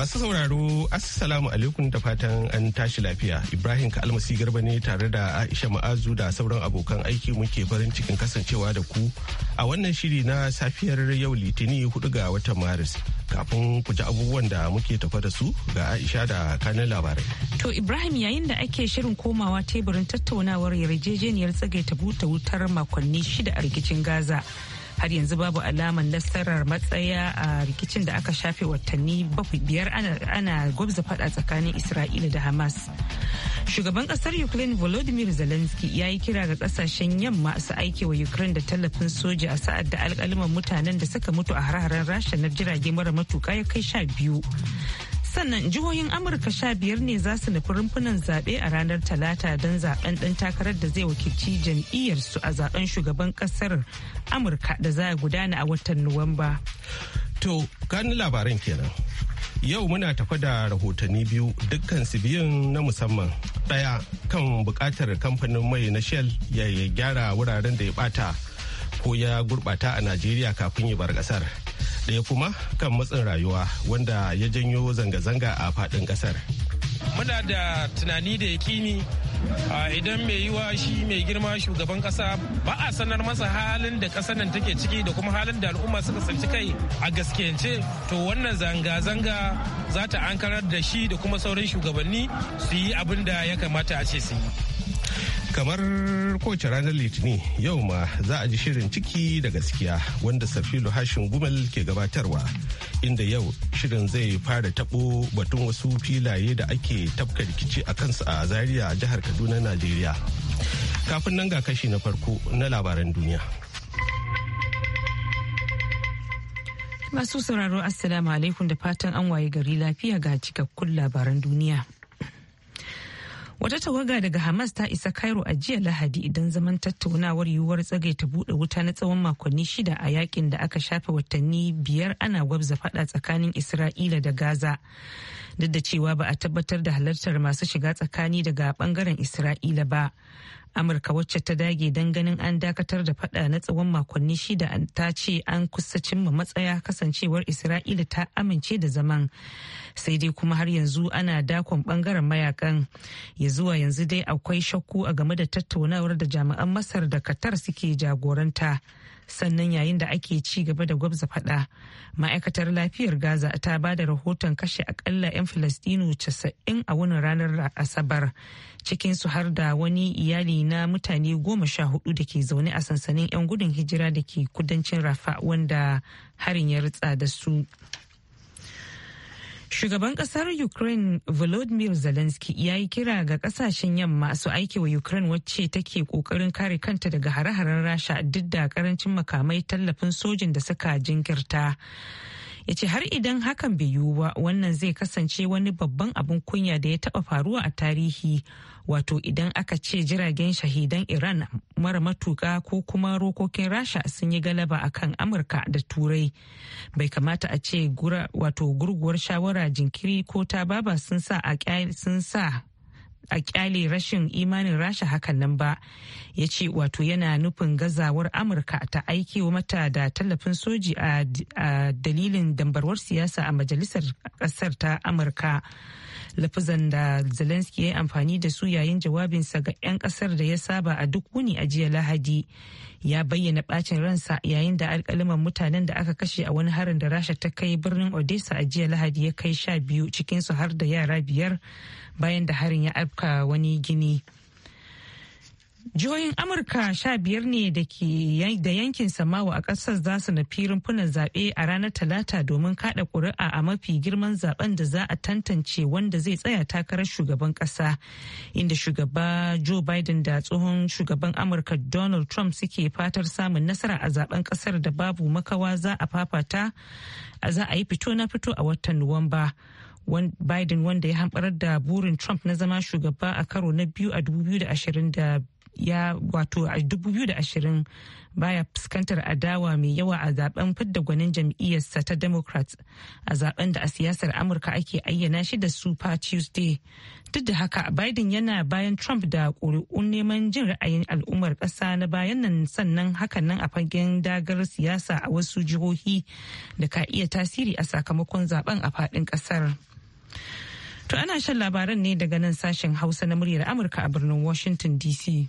Masu sauraro, Assalamu alaikum da fatan an tashi lafiya. Ibrahim Kalmasi Garba ne tare da Aisha Ma'azu da sauran abokan aiki muke farin cikin kasancewa da ku a wannan shiri na safiyar yau Litini 4 ga watan Maris. Kafin ku ji abubuwan da muke tafa da su ga Aisha da kanin labarai. To Ibrahim yayin da ake shirin komawa teburin tattaunawar yarjejeniyar tsagaita buta wutar makonni shida a rikicin Gaza. har yanzu babu alamar nasarar matsaya a rikicin da aka shafe watanni biyar ana gwabza fada tsakanin isra'ila da hamas shugaban kasar ukraine volodymyr zelensky ya yi kira ga kasashen yamma su aike wa ukraine da tallafin soja a sa'ad da alkaliman mutanen da suka mutu a har-haren rasha na jirage mara matuka ya kai sha biyu sannan jihohin amurka sha biyar ne za su nufi rumfunan zaɓe a ranar talata don zaɓen ɗan takarar da zai wakilci jam'iyyarsu a zaɓen shugaban ƙasar amurka da za a gudana a watan nuwamba to gani labaran kenan yau muna tafa da rahotanni biyu dukkan su biyun na musamman ɗaya kan buƙatar kamfanin mai na shell ya gyara wuraren da ya ɓata ko ya gurɓata a najeriya kafin ya bar ƙasar ɗaya kuma kan matsin rayuwa wanda ya janyo zanga-zanga a faɗin ƙasar. Muna da tunani da yakini idan mai yiwa shi mai girma shugaban ƙasa ba a sanar masa halin da ƙasar nan take ciki da kuma halin da al'umma suka sanci kai a gaskiyance to wannan zanga-zanga za ta ankarar da shi da kuma sauran shugabanni su yi abin da ya kamata a ce su yi. kamar kowace ranar litinin yau ma za a ji shirin ciki da gaskiya wanda safilu hashin gumel ke gabatarwa inda yau shirin zai fara tabo batun wasu filaye da ake tafka rikici a kansu a zaria jihar kaduna najeriya kafin nan ga kashi na farko na labaran duniya masu sauraro assalamu alaikum da fatan an waye gari lafiya ga cikakkun labaran duniya Wata tawaga daga Hamas ta isa Cairo a jiya Lahadi idan zaman tattaunawar yiwuwar tsagai ta buɗe wuta na tsawon makonni shida a yakin da aka shafe watanni biyar ana gwabza faɗa tsakanin Isra'ila da Gaza. Duk da cewa ba a tabbatar da halartar masu shiga tsakani daga bangaren Isra'ila ba. amurka wacce ta dage don ganin an dakatar da fada na tsawon makonni shida ta ce an kusa cimma matsaya kasancewar isra'ila ta amince da zaman sai dai kuma har yanzu ana dakon bangaren mayakan ya zuwa yanzu dai akwai shakku a game da tattaunawar da jami'an masar da qatar suke jagoranta sannan yayin da ake ci gaba da gwabza fada ma'aikatar lafiyar gaza ta ba da rahoton kashe akalla 'yan filistinu 90 a wani ranar asabar cikin su har da wani iyali na mutane goma sha hudu da ke zaune a sansanin 'yan gudun hijira da ke kudancin rafa wanda harin ya ritsa da su Shugaban kasar Ukraine Volodymyr Zelensky ya yi kira ga kasashen yamma su aike wa Ukraine wacce take kokarin kare kanta daga hare-haren Rasha duk da karancin makamai tallafin sojin da suka jinkirta. ya ce har idan hakan bai yiwu ba wannan zai kasance wani babban abin kunya da ya taɓa faruwa a tarihi wato idan aka ce jiragen shahidan iran mara matuka ko kuma rokokin rasha sun yi galaba akan amurka da turai bai kamata a ce wato gurguwar shawara jinkiri ko ta baba sun sa a kyale rashin imanin rasha hakan nan ba ya ce wato yana nufin gazawar amurka ta aiki mata da tallafin soji a dalilin dambarwar siyasa a majalisar kasar ta amurka lafazan da zelensky ya yi amfani da su yayin jawabinsa ga 'yan kasar da ya saba a duk wuni a jiya lahadi ya bayyana bacin ransa yayin da alkalaman mutanen da aka kashe a wani harin da rasha ta kai birnin odessa a jiya lahadi ya kai sha biyu cikinsu har da yara biyar bayan da harin ya afka wani gini. Jihohin Amurka sha biyar ne da ke da yankin Samawa a ƙasar za su nufi rumfunan zaɓe a ranar Talata domin kaɗa ƙuri'a a mafi girman zaɓen da za a tantance wanda zai tsaya takarar shugaban ƙasa. Inda shugaba Joe Biden da tsohon shugaban Amurka Donald Trump suke fatar samun nasara a zaben ƙasar da babu makawa za a fafata a za a yi fito na fito a watan Nuwamba. Biden wanda ya hamɓarar da burin Trump na zama shugaba a karo na biyu a 2020 ya wato a 2020 baya fuskantar adawa mai yawa a zaben fidda gwanin jam'iyyarsa ta democrats a zaben da a siyasar amurka ake ayyana shi da super tuesday duk da haka biden yana bayan trump da ƙuri'un neman jin ra'ayin al'ummar ƙasa na bayan nan sannan hakan nan a fagen dagar siyasa a wasu jihohi da ka iya tasiri a sakamakon zaben a faɗin ƙasar. To ana shan labaran ne daga nan sashen Hausa na muryar Amurka a birnin Washington DC.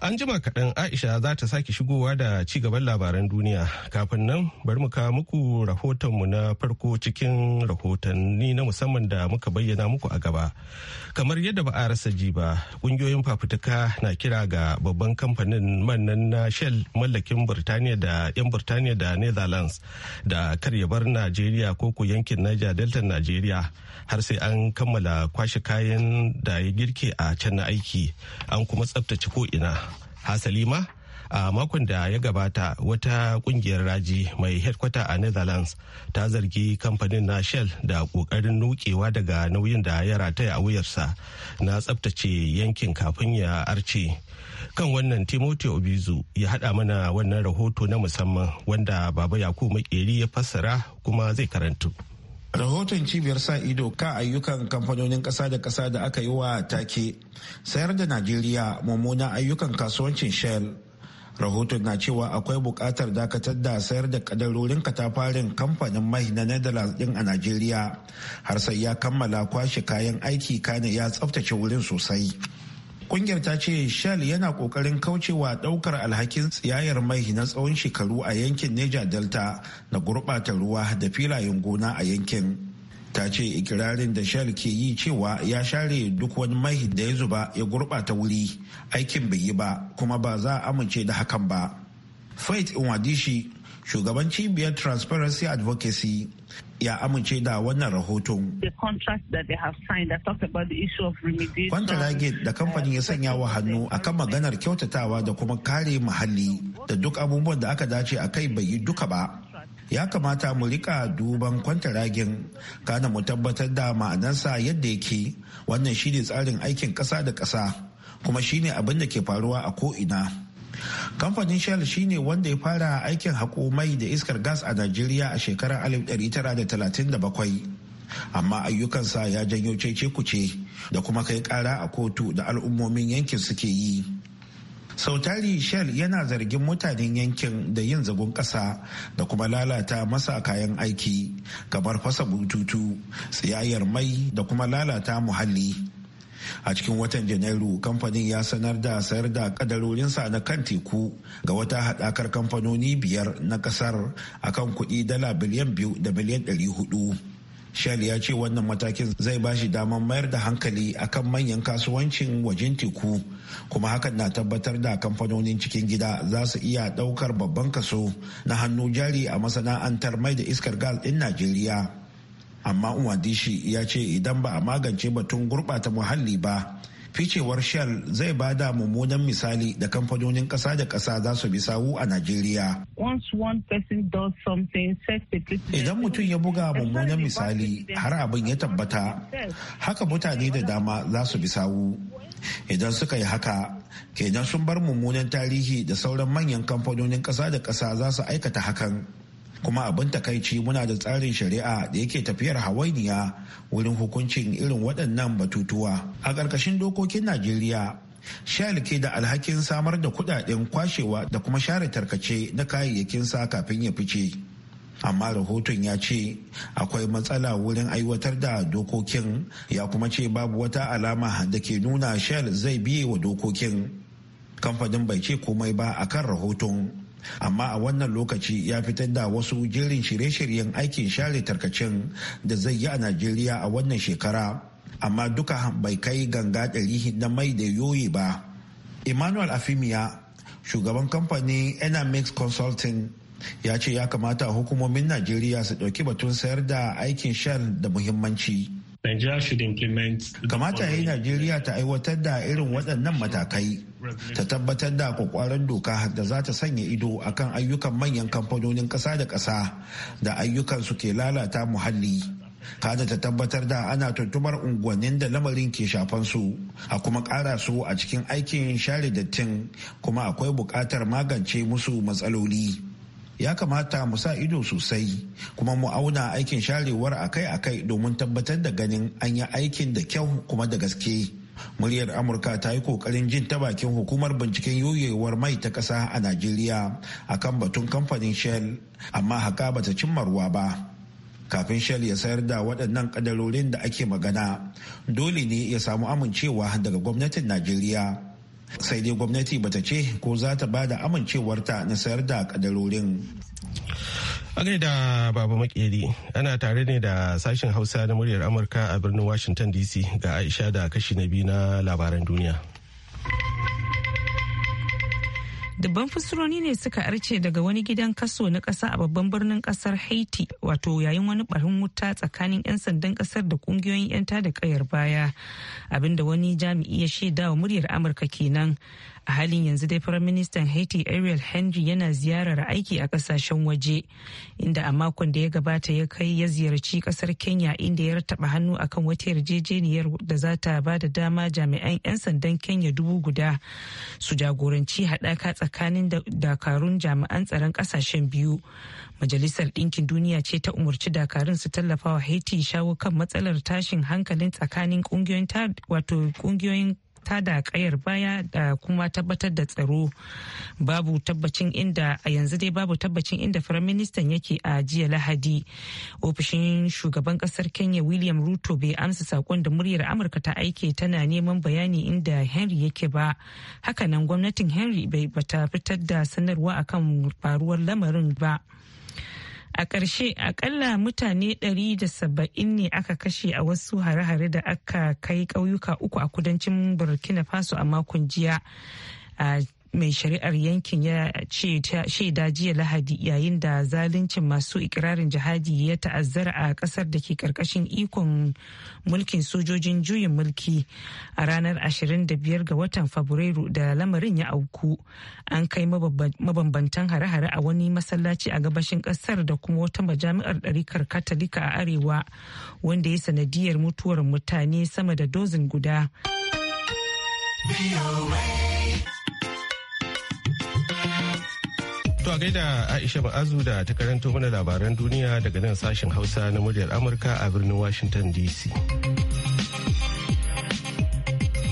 An jima kaɗan Aisha za ta sake shigowa da ci gaban labaran duniya. Kafin nan bari mu kawo muku rahotonmu na farko cikin rahotanni na musamman da muka bayyana muku a gaba. Kamar yadda ba a rasa ji ba, ƙungiyoyin fafutuka na kira ga babban kamfanin manan na Shell mallakin Birtaniya da 'yan Birtaniya da Netherlands da kar ya bar Najeriya ko ku yankin Niger Delta Najeriya har sai an kammala kwashe kayan da ya girke a can na aiki an kuma tsaftace ko ina. Hasalima a makon da ya gabata wata kungiyar raji mai headquarter a netherlands ta zargi kamfanin na shell da kokarin nukewa daga nauyin da ya rataya a wuyarsa na tsabtace yankin kafin ya arce kan wannan timothy obizu ya haɗa mana wannan rahoto na musamman wanda baba yakubu makeri ya fassara kuma zai karantu. rahoton cibiyar sa ido ka ayyukan kamfanonin ƙasa da ƙasa da aka yi wa take sayar da najeriya mummunan ayyukan kasuwancin shell rahoton na cewa akwai bukatar dakatar da sayar da kadarorin katafarin kamfanin mai na netherlands din a najeriya har sai ya kammala kwashe kayan aiki kane ya tsaftace wurin sosai Kungiyar ta ce Shell yana kokarin kaucewa daukar alhakin tsiyayar mai na tsawon shekaru a yankin Niger Delta na gurbata ruwa da filayen gona a yankin. ta ce ikirarin da shell ke yi cewa ya share duk wani mai da ya zuba ya gurbata wuri aikin bai yi ba kuma ba za a amince da hakan ba faith wadishi shugaban cibiyar transparency advocacy ya amince da wannan rahoton. Kwantaragit da kamfanin ya sanya wa hannu akan maganar kyautatawa da kuma kare muhalli da duk abubuwan da aka dace a kai bai yi duka ba. Ya kamata mu rika duban kwantaragin kana mu tabbatar da ma'anarsa yadda yake wannan shine tsarin aikin ƙasa da ƙasa kuma shine abin da ke faruwa a ko'ina. kamfanin shell shine wanda ya fara aikin haƙo mai da iskar gas a najeriya a shekarar 1937 amma ayyukansa ya janyo cece kuce da kuma kai kara a kotu da al'ummomin yankin suke yi sautari shell yana zargin mutanen yankin da yin zagon ƙasa da kuma lalata masa kayan aiki kamar fasa bututu tsayayyar mai da kuma lalata muhalli a cikin watan janairu kamfanin ya sanar da sayar da kadarorinsa na kan teku ga wata haɗakar kamfanoni biyar na ƙasar akan kuɗi dala biliyan biyu da biliyan ɗari hudu shell ya ce wannan matakin zai ba shi damar mayar da hankali akan manyan kasuwancin wajen teku kuma hakan na tabbatar da kamfanonin cikin gida za su iya ɗaukar babban kaso na hannu jari a masana'antar mai da iskar gas ɗin najeriya amma umadishi ya ce idan ba a magance batun gurɓata muhalli ba ficewar shell zai ba da mummunan misali da kamfanonin kasa da kasa za su bi sawu a najeriya idan mutum ya buga mummunan misali har abin ya tabbata haka mutane da dama za su bi sawu idan suka yi haka kenan sun bar mummunan tarihi da sauran manyan kamfanonin kasa da kasa za su aikata hakan kuma abin takaici muna da tsarin shari'a da yake tafiyar hawainiya wurin hukuncin irin waɗannan batutuwa a ƙarƙashin dokokin najeriya shell ke da alhakin samar da kudaden kwashewa da kuma share tarkace na kayayyakin sa kafin ya fice amma rahoton ya ce akwai matsala wurin aiwatar da dokokin ya kuma ce babu wata alama da ke nuna shell zai biye wa dokokin kamfanin bai ce komai ba akan rahoton amma a wannan lokaci ya fitar da wasu jerin shirye-shiryen aikin share tarkacin da zai yi a najeriya a wannan shekara amma duka bai kai ganga ɗari na mai da yoyi ba emmanuel afimiya shugaban kamfanin enamix consulting ya ce ya kamata hukumomin najeriya su ɗauki batun sayar da aikin share da muhimmanci. Nigeria should implement Kamata ya yi Najeriya ta aiwatar da irin waɗannan matakai ta tabbatar da kwakwaran doka da za ta sanya ido akan ayyukan manyan kamfanonin ƙasa da ƙasa da ayyukan su ke lalata muhalli. Kada ta tabbatar da ana tuntumar unguwannin da lamarin ke shafan su a kuma ƙara su a cikin aikin share dattin kuma akwai buƙatar magance musu matsaloli. ya kamata mu sa ido sosai kuma mu auna aikin sharewar akai-akai domin tabbatar da ganin an yi aikin da kyau kuma da gaske muryar amurka ta yi kokarin jin ta bakin hukumar binciken yoyewar mai ta ƙasa a najeriya akan batun kamfanin shell amma haka bata ruwa ba kafin shell ya sayar da waɗannan kadarorin da ake magana dole ne ya samu amincewa daga gwamnatin najeriya sai dai gwamnati bata ce ko za ta ba da amincewarta na sayar da kadarorin a da baba makeri ana tare ne da sashen hausa na muryar amurka a birnin washington dc ga aisha da kashi na biyu na labaran duniya dubban fusuroni ne suka arce daga wani gidan kaso na kasa a babban birnin ƙasar haiti wato yayin wani barin wuta tsakanin 'yan sandan ƙasar da kungiyoyin 'yan tada kayar baya abinda wani jami'i ya shaidawa muryar amurka kenan a halin yanzu dai firaministan haiti ariel henry yana ziyarar aiki a kasashen waje inda a makon da ya gabata ya kai ya ziyarci kasar kenya inda ya taba hannu akan wata yarjejeniyar da za ta ba da dama jami'an 'yan sandan kenya dubu guda su jagoranci haɗaka tsakanin dakarun jami'an tsaron kasashen biyu majalisar ɗinkin duniya ce ta umarci dakarun su tallafa wa haiti shawo kan matsalar tashin hankalin tsakanin ƙungiyoyin ta da kayar baya da kuma tabbatar da tsaro babu tabbacin inda a yanzu dai babu tabbacin inda firaministan yake a jiya lahadi ofishin shugaban kasar kenya william ruto bai amsa sakon da muryar amurka ta aike tana neman bayani inda henry yake ba hakanan gwamnatin henry bai bata fitar da sanarwa akan faruwar lamarin ba. a ƙarshe akalla mutane 170 ne aka kashe a wasu hare-hare da aka kai ƙauyuka uku a kudancin burkina faso a makon jiya a mai shari'ar yankin ya shaida jiya lahadi yayin da zaluncin masu ikirarin jihadi ya ta'azzara a kasar da ke karkashin ikon mulkin sojojin juyin mulki a ranar 25 ga watan fabrairu da lamarin ya auku an kai mabambantan hare-hare a wani masallaci a gabashin kasar da kuma wata majami'ar ɗarikar katolika a arewa wanda ya sanadiyar mutuwar mutane sama da dozin guda. To a gaida Aisha Ba'azu da ta karanto mana labaran duniya daga nan sashen Hausa na muryar Amurka a birnin Washington DC.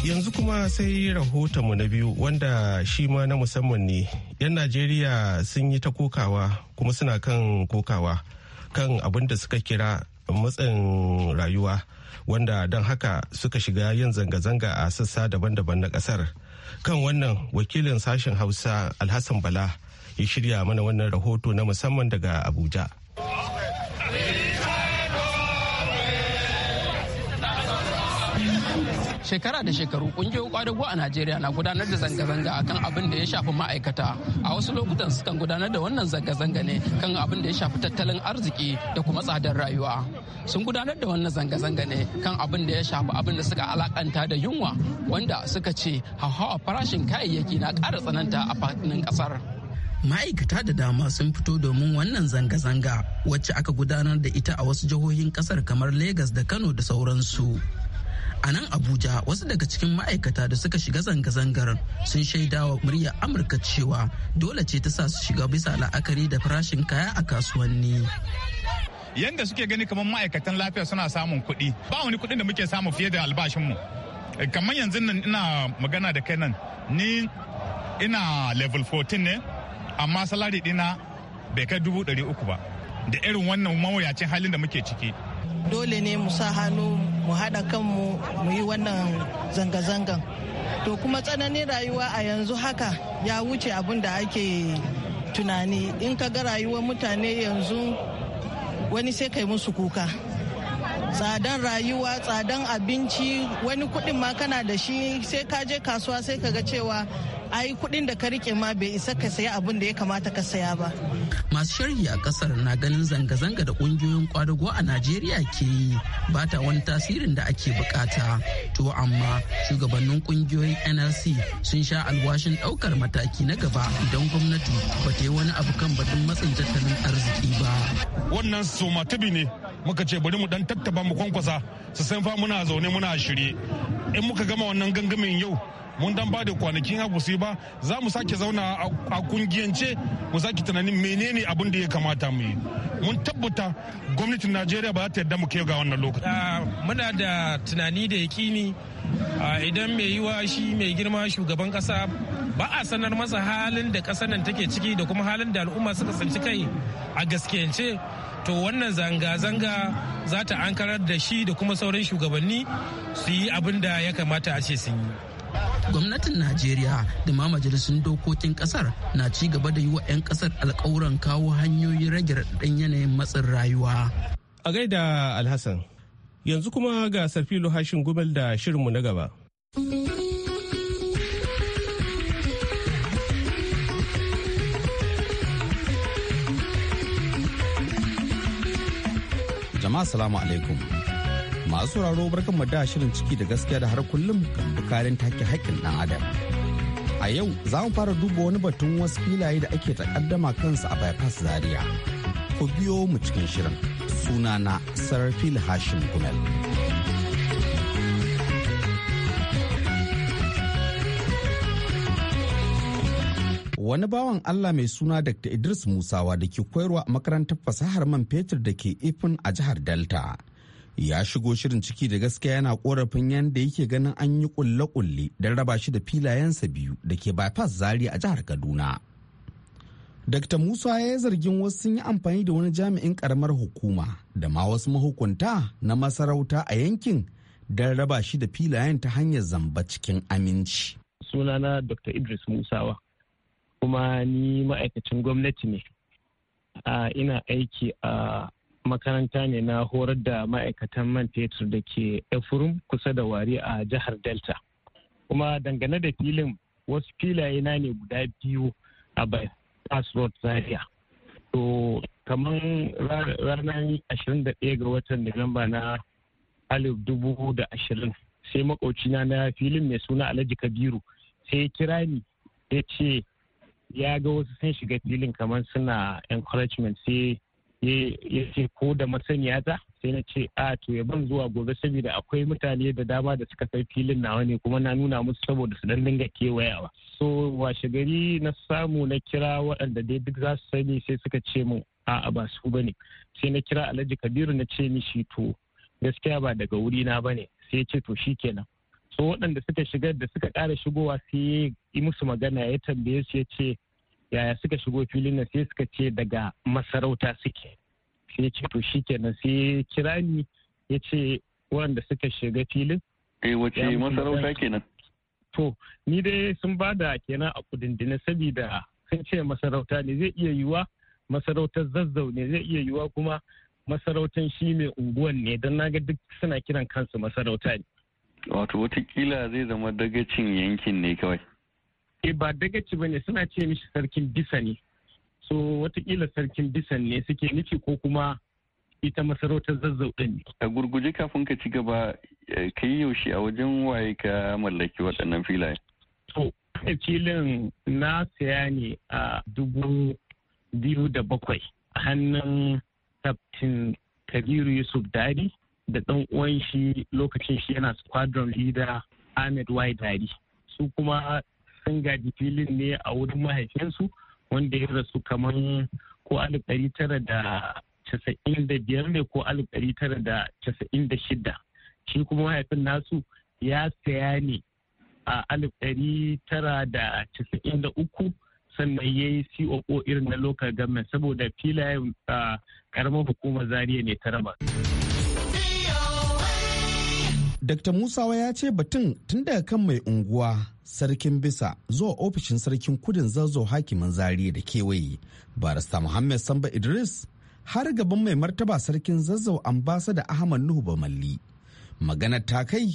Yanzu kuma sai rahotonmu na biyu wanda shi ma na musamman ne. 'Yan Najeriya sun yi ta kokawa kuma suna kan kokawa kan abin da suka kira matsin rayuwa wanda don haka suka shiga yin zanga-zanga a sassa daban-daban na kasar. Kan wannan wakilin sashen Hausa Alhassan Bala. ya shirya mana wannan rahoto na musamman daga Abuja. shekara da shekaru kungiyoyin kwadago a najeriya na gudanar da zanga-zanga a kan abin da ya shafi ma'aikata a wasu lokutan sukan gudanar da wannan zanga-zanga ne kan abin da ya shafi tattalin arziki da kuma tsadar rayuwa sun gudanar da wannan zanga-zanga ne kan abin da ya shafi abin da suka alakanta da yunwa wanda suka ce hauhawa farashin kayayyaki na ƙara tsananta a fadin ƙasar ma'aikata da dama sun fito domin wannan zanga-zanga wacce aka gudanar da ita a wasu jihohin kasar kamar Legas da Kano da sauransu. A nan Abuja wasu daga cikin ma'aikata da suka shiga zanga-zangar sun shaidawa murya Amurka cewa dole ce ta sa su shiga bisa la'akari da farashin kaya a kasuwanni. Yanda suke gani kamar ma'aikatan lafiya suna samun kuɗi, ba wani kuɗin da muke samu fiye da albashinmu. Kamar yanzu nan ina magana da kai nan, ni ina level 14 ne, amma salari dina bai kai dubu ɗari uku ba da irin wannan mawuyacin halin da muke ciki dole ne mu sa hannu mu haɗa kanmu mu yi wannan zanga-zangan to kuma tsananin rayuwa a yanzu haka ya wuce abin da ake tunani in ka ga rayuwar mutane yanzu wani sai kai musu kuka tsadan rayuwa tsadan abinci wani kuɗin ma kana da shi sai ka je kasuwa sai ka ga cewa ai kuɗin da ka rike ma bai isa ka saya abin da ya kamata ka saya ba masu sharhi a kasar na ganin zanga-zanga da ƙungiyoyin kwadago a najeriya ke yi ba ta wani tasirin da ake bukata to amma shugabannin ƙungiyoyin nlc sun sha alwashin ɗaukar mataki na gaba idan gwamnati ba ta yi wani abu kan batun matsin tattalin arziki ba wannan tabi ne muka ce bari mu dan tattaba mu kwankwasa su san fa muna zaune muna shirye in muka gama wannan gangamin yau mun dan ba da kwanakin haku sai ba za mu sake zauna a kungiyance mu sake tunanin menene abin da ya kamata mu yi mun tabbata gwamnatin najeriya ba za ta yarda mu kai ga wannan lokaci muna da tunani da yakini idan mai yiwa shi mai girma shugaban kasa ba a sanar masa halin da kasar nan take ciki da kuma halin da al'umma suka tsinci kai a gaskiyance to wannan zanga-zanga za ta ankarar da shi da kuma sauran shugabanni su yi abin da ya kamata a ce sun yi gwamnatin najeriya da ma majalisun dokokin kasar na ci gaba da yi wa 'yan kasar alkawuran kawo hanyoyin rage raɗaɗin yanayin matsin rayuwa a gaida alhassan yanzu kuma ga sarfilo hashin gumel da shirinmu na gaba jama'a salamu alaikum masu sauraro barkan mu da shirin ciki da gaskiya da har kullum kan bukarin take haƙƙin ɗan adam a yau za mu fara duba wani batun wasu filaye da ake takaddama kansu a bypass zaria ku biyo mu cikin shirin suna na sarfil hashim gumel wani bawan Allah mai suna Dr. Idris Musawa da ke koyarwa a makarantar fasahar man fetur da ke Ifin a jihar Delta ya shigo shirin ciki da gaskiya yana korafin yadda yake ganin an yi kulle-kulle don raba shi da filayensa biyu da ke bypass zari a jihar kaduna dr musa ya yi zargin wasu sun yi amfani da wani jami'in karamar hukuma da ma wasu mahukunta na masarauta a yankin don raba shi da filayen ta hanyar zamba cikin aminci sunana dr idris musawa kuma ni ma'aikacin gwamnati ne ah, ina aiki a makaranta ne na horar da ma'aikatan man fetur da ke efurum kusa da wari a jihar delta kuma dangane da filin wasu filaye na ne guda biyu a bypass road zaria to kamar ranar 21 ga watan nuwamba na alif dubu da ashirin sai makocina na filin mai suna alhaji kabiru sai kira ni ya ce ya ga wasu sun shiga filin kamar suna encouragement sai ya ce ko da masaniya ta sai na ce a to ya ban zuwa gobe saboda akwai mutane da dama da suka sai filin nawa ne kuma na nuna musu saboda su dan dinga kewayawa so washe gari na samu na kira waɗanda dai duk za su sani sai suka ce mu a'a ba su bane sai na kira alhaji kabiru na ce mishi to gaskiya ba daga wuri na bane sai ya ce to shikenan so waɗanda suka shigar da suka ƙara shigowa sai ya yi musu magana ya tambaye su ya ce yaya suka shigo filin na sai suka ce daga masarauta suke sai ya ce to shi kenan sai ya kira ni ya ce waɗanda suka shiga filin eh wace masarauta kenan to ni dai sun ba da kenan a kudindina saboda sun ce masarauta ne zai iya yiwa masarautar zazzau ne zai iya yiwa kuma masarautar shi mai unguwan ne don naga duk suna kiran kansu masarauta ne wato watakila zai zama dagacin yankin ne kawai eh ba dagaci ba ne suna ce mishi sarkin bisa ne so watakila sarkin bisan ne suke nufi ko kuma ita masarautar zazzau ɗin ne. a gurguje kafin ka ci gaba eh, ka yi yaushe a wajen waye ka mallaki waɗannan filaye. to filin na saya ne a dubu biyu da bakwai a hannun kaftin kabiru yusuf dadi da ɗan uwan shi lokacin shi yana squadron leader ahmed y dadi su kuma sun gaji filin ne a wurin mahaifinsu wanda ya rasu kamar ko alif ɗari tara da casa'in da biyar ne ko alif ɗari tara da casa'in da shida shi kuma mahaifin nasu ya saya ne a alif ɗari tara da casa'in da uku sannan ya yi COO irin na local government saboda filayen karamar hukumar zariya ne ta raba. Dr. Musawa ya ce batun tun daga kan mai unguwa sarkin bisa zuwa ofishin sarkin kudin zazzau hakimin zariya da kewaye barista muhammed samba idris har gaban mai martaba sarkin zazzau ambasada ahmad nuhu bamalli maganar ta kai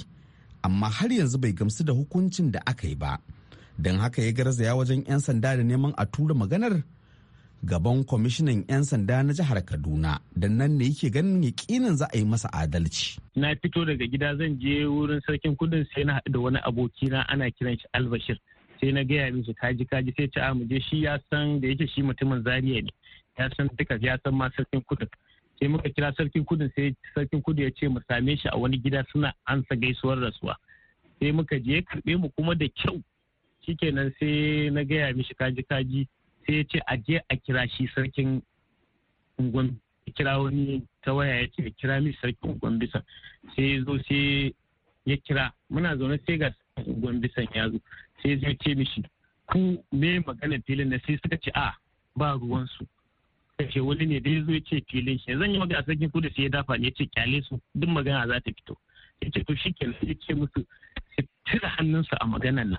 amma har yanzu bai gamsu da hukuncin da aka yi ba don haka ya garzaya wajen 'yan sanda da neman a tura maganar gaban kwamishinan 'yan sanda na jihar kaduna da nan ne yake ganin yakinin za a yi masa adalci na fito daga gida zan je wurin sarkin kudin sai na haɗu da wani abokina ana kiran shi albashir sai na gaya mishi kaji kaji sai ci je shi ya san da yake shi mutumin zaria ne ya san duka ya san ma sarkin kudin sai muka kira sarkin kudin sai sarkin kudu ya ce mu same shi a wani gida suna ansa gaisuwar rasuwa sai muka je karbe mu kuma da kyau shi shikenan sai na gaya mishi kaji kaji sai ya ce a je a kira shi sarkin unguwan kira wani ta waya ya ce kira mi sarkin unguwan bisa sai ya zo sai ya kira muna zaune sai ga unguwan bisa ya zo sai ya zo ce mishi ku me magana filin na sai suka ce a ba ruwansu ce wani ne dai zo ya ce filin shi zan yi magana sarkin kudu sai ya dafa ne ya ce kyale su duk magana za ta fito ya ce to shi kenan ya ce musu su cire hannunsa a maganan nan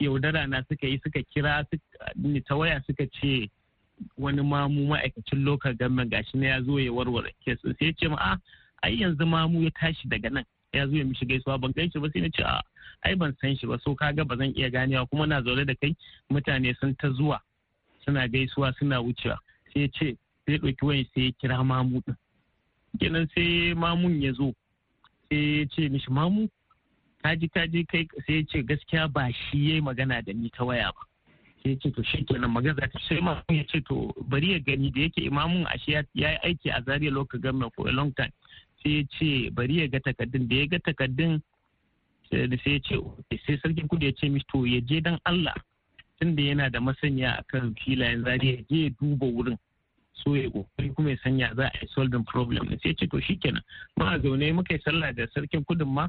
yaudara na suka yi suka kira ni ta waya suka ce wani mamu ma'aikacin local government gashi na ya zo ya warware kesu sai ya ce ma a ah, ai yanzu mamu ya tashi daga nan ya zo ya mishi gaisuwa ban gaishe ba sai na ce a ah, ai ban san shi ba so ga ba zan iya ganewa kuma na zaune da kai mutane sun ta zuwa suna gaisuwa suna wucewa sai ya ce sai ɗauki wayan sai ya kira mamu din kenan sai mamun ya zo sai ya ce mishi mamu kaji kaji kai sai ya ce gaskiya ba shi ya yi magana da ni ta waya ba sai ya ce to shikenan magana za ta sai imamun ya ce to bari ya gani da yake imamun ashe ya yi aiki a zariya lokacin gama ko a long time sai ya ce bari ya ga takardun da ya ga takardun sai ya ce sai sarkin kudu ya ce mishi to ya je dan Allah tunda yana da masanya akan filayen zariya ya je ya duba wurin so ya kokari kuma ya sanya za a yi solving problem sai ya ce to shikenan ma zaune muka yi sallah da sarkin kudin ma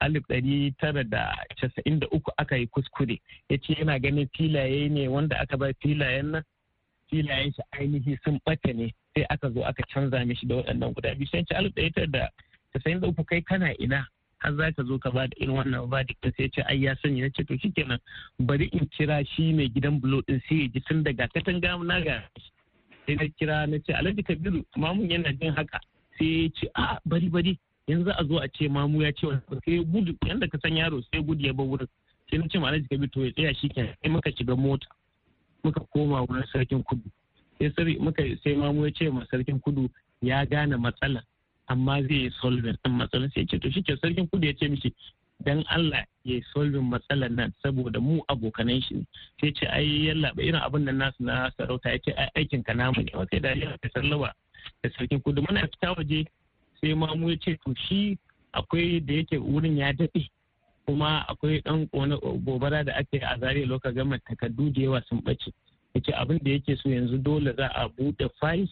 alif ɗari tara da casa'in uku aka yi kuskure ya ce yana ganin filaye ne wanda aka bar filayen nan filayen shi ainihi sun ɓata ne sai aka zo aka canza mishi da waɗannan guda biyu sai ce alif ɗari tara da uku kai kana ina har za ka zo ka ba da irin wannan verdict sai ce ai ya sanya na ce to shikenan bari in kira shi mai gidan bulo din sai ya ji tun daga katanga na ga sai na kira na ce alhaji kabiru mamun yana jin haka sai ya ce a ah, bari bari yanzu a zo a ce mamu ya ce sai gudu yanda ka san yaro sai gudu ya bar wurin sai na ce ma alhaji kabi to ya tsaya shi kenan sai muka shiga mota muka koma wurin sarkin kudu sai sai muka sai mamu ya ce ma sarkin kudu ya gane matsala amma zai yi solving din matsalar sai ce to ke sarkin kudu ya ce mishi dan Allah ya yi solving matsalar nan saboda mu abokanan shi sai ce ai yalla irin abin nan nasu na sarauta ya ce aikin ka namu ne sai da ya sallaba da sarkin kudu muna fita waje sai mamu ya ce to shi akwai da yake wurin ya daɗe kuma akwai ɗan gobara da ake a zare loka gama takardu da yawa sun ɓace yace abin da yake so yanzu dole za a buɗe files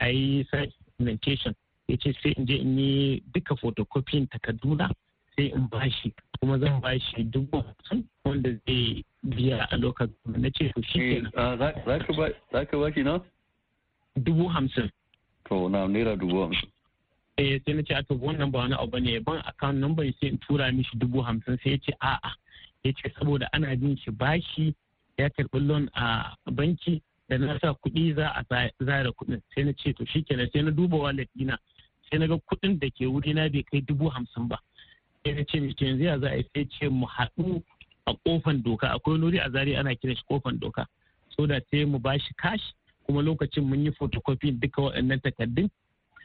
a yi documentation yace sai in je in yi duka photocopying na sai in bashi kuma zan bashi dubu hamsin wanda zai biya a lokacin na ce to shi eh, ah, za ka bashi na dubu hamsin to na naira dubu hamsin eh sai na ce to wannan ba wani abu ne ban account number sai in tura mishi dubu hamsin sai ya ce a'a ya ce saboda ana bin shi bashi ya karɓi loan a banki da na sa kuɗi za a zara kuɗin sai na ce to shikenan sai na duba wallet dina sai na ga kuɗin da ke wuri na bai kai dubu hamsin ba sai na ce mishi yanzu ya za a sai ce mu haɗu a kofan doka akwai nuri a zari ana kiran shi kofan doka so da sai mu bashi cash kuma lokacin mun yi photocopy duka waɗannan takardun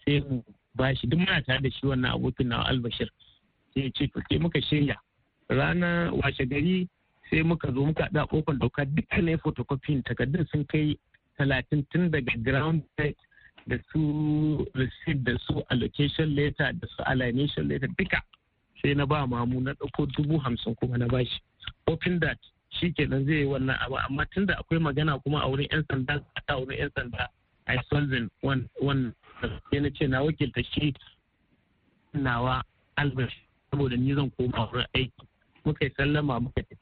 sai mu ba shi duk muna tare da shi wannan abokin na albashir sai ya ce to sai muka shirya rana washe gari sai muka zo muka da kofar dauka dukkanin photocopying takardun sun kai talatin tun daga ground da su receipt da su allocation letter da su alienation letter duka sai na ba mamu na dauko dubu hamsin kuma na bashi open that shi kenan zai yi wannan abu amma tunda akwai magana kuma a wurin yan sanda a wurin yan sanda a solving wannan sai na ce na wakilta shi nawa albert saboda ni zan koma wurin aiki muka yi sallama muka yi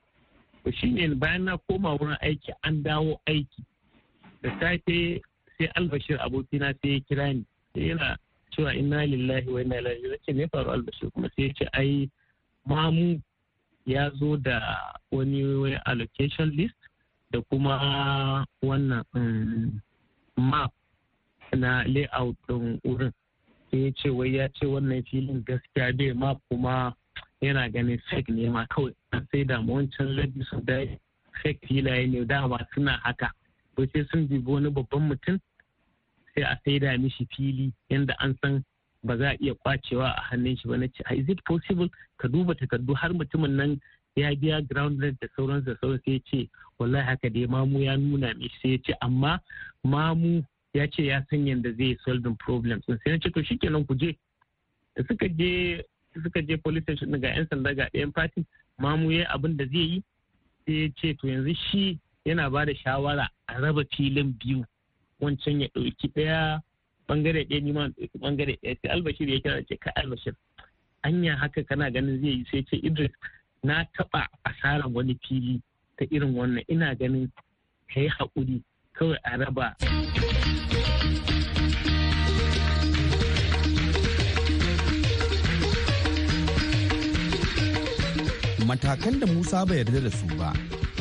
to ne bayan na koma wurin aiki an dawo aiki da safe sai albashir abokina sai ya kira ni sai yana cewa inna lillahi wa inna ilaihi raji'un me faru albashir kuma sai ya ce ai mamu ya zo da wani allocation list da kuma wannan mm, map na layout ɗin wurin sai ya ce wai ya ce wannan filin gaskiya bai ma kuma yana ganin fake ne ma kawai sai da wancan su da fake filaye ne dama suna haka ba sai sun dubi wani babban mutum sai a saida mishi fili yadda an san ba za a iya kwacewa a hannun shi ba na ce is it possible ka duba takardu har mutumin nan ya biya ground rent da sauransu da sauransu sai ya ce wallahi haka dai mamu ya nuna mishi sai ya ce amma mamu ya ce ya san yadda zai solving problems sai na ce to shikenan ku je da suka je suka je police station ga yan sanda ga ɗayan party mamu yayi abin da zai yi sai ya ce to yanzu shi yana ba da shawara a raba filin biyu wancan ya ɗauki ɗaya bangare ɗaya ni ma bangare ɗaya sai albashir ya kira ce ka albashir anya haka kana ganin zai yi sai ce idris na taɓa asarar wani fili ta irin wannan ina ganin ka yi haƙuri kawai a raba. matakan da musa bai yarda da su ba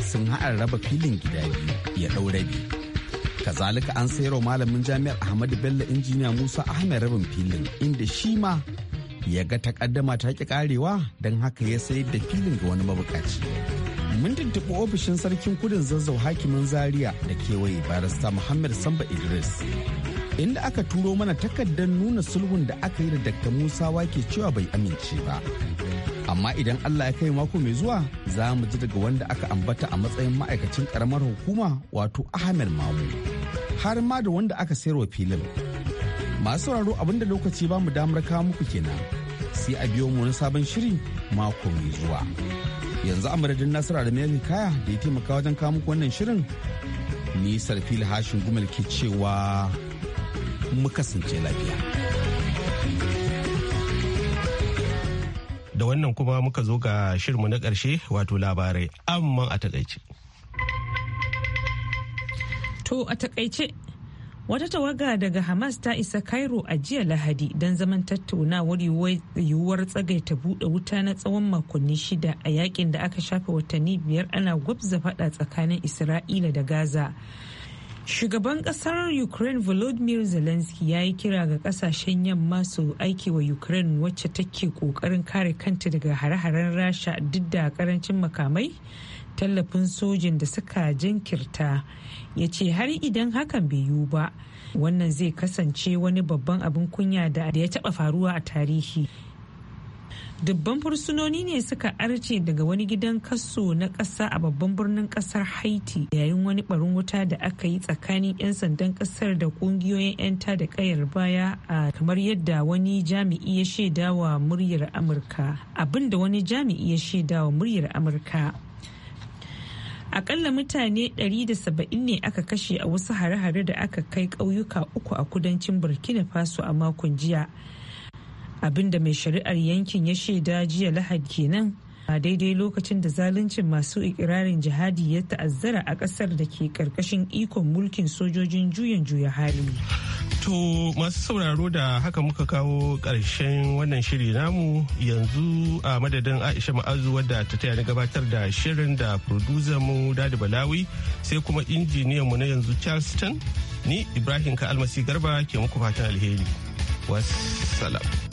sun haɗa raba filin gida biyu ya ɗau rabi kazalika an sayar wa malamin jami'ar ahmadu bello injiniya musa ahmed rabin filin inda shi ma ya ga takaddama ta ki karewa don haka ya sayar da filin ga wani mabukaci mun tuntuɓi ofishin sarkin kudin zazzau hakimin zaria da kewaye barista muhammad samba idris inda aka turo mana takardar nuna sulhun da aka yi da Dr. Musa wake cewa bai amince ba. Amma idan Allah ya kai mako mai zuwa za mu ji daga wanda aka ambata a matsayin ma'aikacin karamar hukuma wato Ahmed Mamu. Har ma da wanda aka sayar wa filin. Masu sauraro abinda lokaci ba mu damar kawo muku kenan. Sai a biyo mu na sabon shiri mako mai zuwa. Yanzu a madadin Nasiru Adamu Kaya da ya taimaka wajen kawo muku wannan shirin. Ni Sarfil Hashin Gumal ke cewa mu kasance lafiya da wannan kuma muka zo ga shirmu na ƙarshe wato labarai amma a takaice to a takaice wata tawaga daga hamas ta isa cairo a jiya lahadi don zaman tattaunawar yiwuwar tsagaita buɗe wuta na tsawon makonni shida a yakin da aka shafe watanni biyar ana gwabza faɗa tsakanin isra'ila da gaza Shugaban kasar Ukraine Volodymyr Zelensky ya yi kira ga kasashen yamma su aiki wa Ukraine wacce take kokarin kare kanta daga hare-haren Rasha duk da karancin makamai tallafin sojin da suka jinkirta ya ce har idan hakan bai yiwu ba wannan zai kasance wani babban abin kunya da ya taba faruwa a tarihi dubban fursunoni ne suka arce daga wani gidan kaso na kasa a babban birnin kasar haiti yayin wani barin wuta da aka yi tsakanin 'yan sandan kasar da kungiyoyin 'yan ta da kayar baya a kamar yadda wani jami'i ya shaidawa muryar amurka da wani jami'i ya shaidawa muryar amurka akalla mutane 170 ne aka kashe a wasu hare-hare da aka kai ƙauyuka uku a kudancin burkina faso a makon jiya abinda mai shari'ar yankin ya shaida jiya lahad kenan a daidai lokacin da zaluncin masu ikirarin jihadi ya ta'azzara a kasar da ke karkashin ikon mulkin sojojin juyan juya hali. To masu sauraro da haka muka kawo karshen wannan shiri namu yanzu a madadin Aisha Ma'azu wadda ta taya na gabatar da shirin da producer mu Dadi Balawi sai kuma injiniyan mu na yanzu Charleston ni Ibrahim Ka Almasi Garba ke muku fatan alheri. Wassalam.